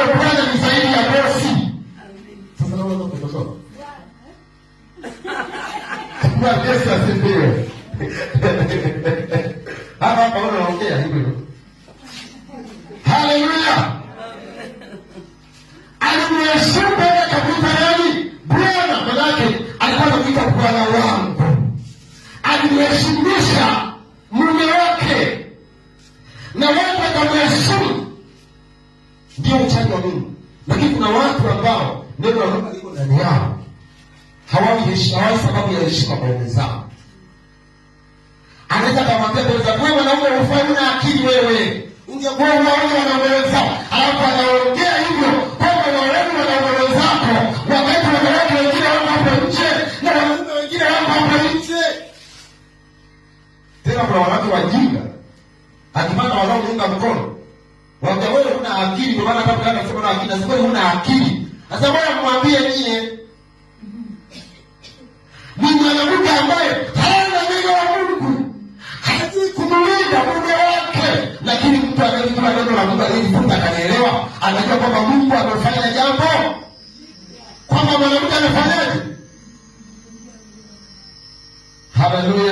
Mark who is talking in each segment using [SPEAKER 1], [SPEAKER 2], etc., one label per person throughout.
[SPEAKER 1] aliyofanya ni zaidi ya bosi.
[SPEAKER 2] Sasa naona kutoka
[SPEAKER 1] kwa Yesu asifiwe. Hapa hapa unaongea hivyo. Haleluya. Alimheshimu Bwana kabisa nani? Bwana manake alikuwa anakuita Bwana wangu. Alimheshimisha mume wake. Na watu wakamheshimu wa Mungu, lakini kuna watu ambao neno la Mungu liko ndani yao, hawai sababu ya heshima kwa wenzao. Anaweza akamwambia mwenza, wewe mwanaume hufai, una akili wewe, ungekuwa unaona wanaume wenzao, alafu anaongea hivyo kuna wanawake wajinga akimana wanaounga mkono Wacha wewe huna akili, kwa maana hata anasema una akili, sasa huna akili. Sasa wewe mwambie nyie. Ni mwanamke ambaye hana neno la Mungu. Hajui kumlinda mume wake, lakini mtu anayejua neno la Mungu ili mtu akaelewa, anajua kwamba Mungu amefanya jambo. Kwamba mwanamke amefanyaje? Haleluya.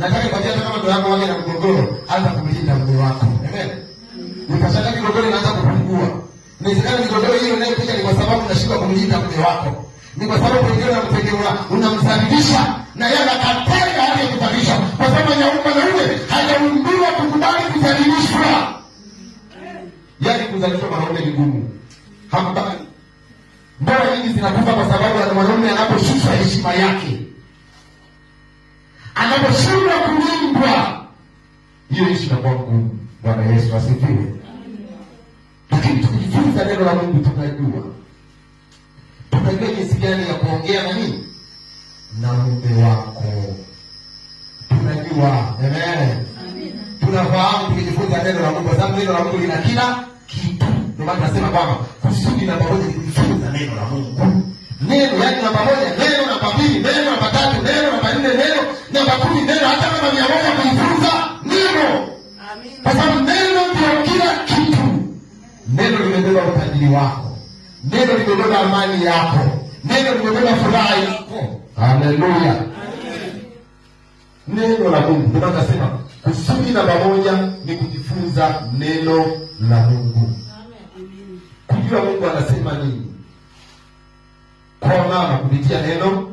[SPEAKER 1] Nataka nikwambia hata kama ndoa yako waje na mgogoro, hata kumlinda mume wako. Amen. Nikashaka migogoro inaanza kupungua. Inawezekana migogoro hiyo inayokuja ni kwa sababu unashindwa kumlinda mume wako. Ni kwa sababu wengine unamtegemea, unamsalimisha na yeye anakatenda hali ya Kwa sababu ya na mwanaume hajaumbiwa kukubali kudhalilishwa. Yaani kudhalilishwa mwanaume ni gumu. Hakubali. Ndoa nyingi zinakufa kwa sababu ya mwanaume anaposhusha heshima yake anaposhindwa kulindwa, hiyo ishi inakuwa ngumu. Bwana Yesu asifiwe. Lakini tukijifunza neno la Mungu tunajua tunajua jinsi gani ya kuongea na nini na mume wako, tunajua amen. Tunafahamu tukijifunza neno la Mungu, kwa sababu neno la Mungu lina kila kitu. Ndio maana tunasema kwamba kusudi na pamoja kujifunza neno la Mungu, neno yaani na pamoja, neno na pambili, neno na bakuli neno, hata kama mia moja kuifunza neno, kwa sababu neno ndio kila kitu. Neno limebeba utajiri wako, neno limebeba amani yako, neno limebeba furaha yako. Haleluya! Neno la Mungu ndio akasema kusudi namba moja ni kujifunza neno la Mungu, kujua Mungu anasema nini kwa mama kupitia neno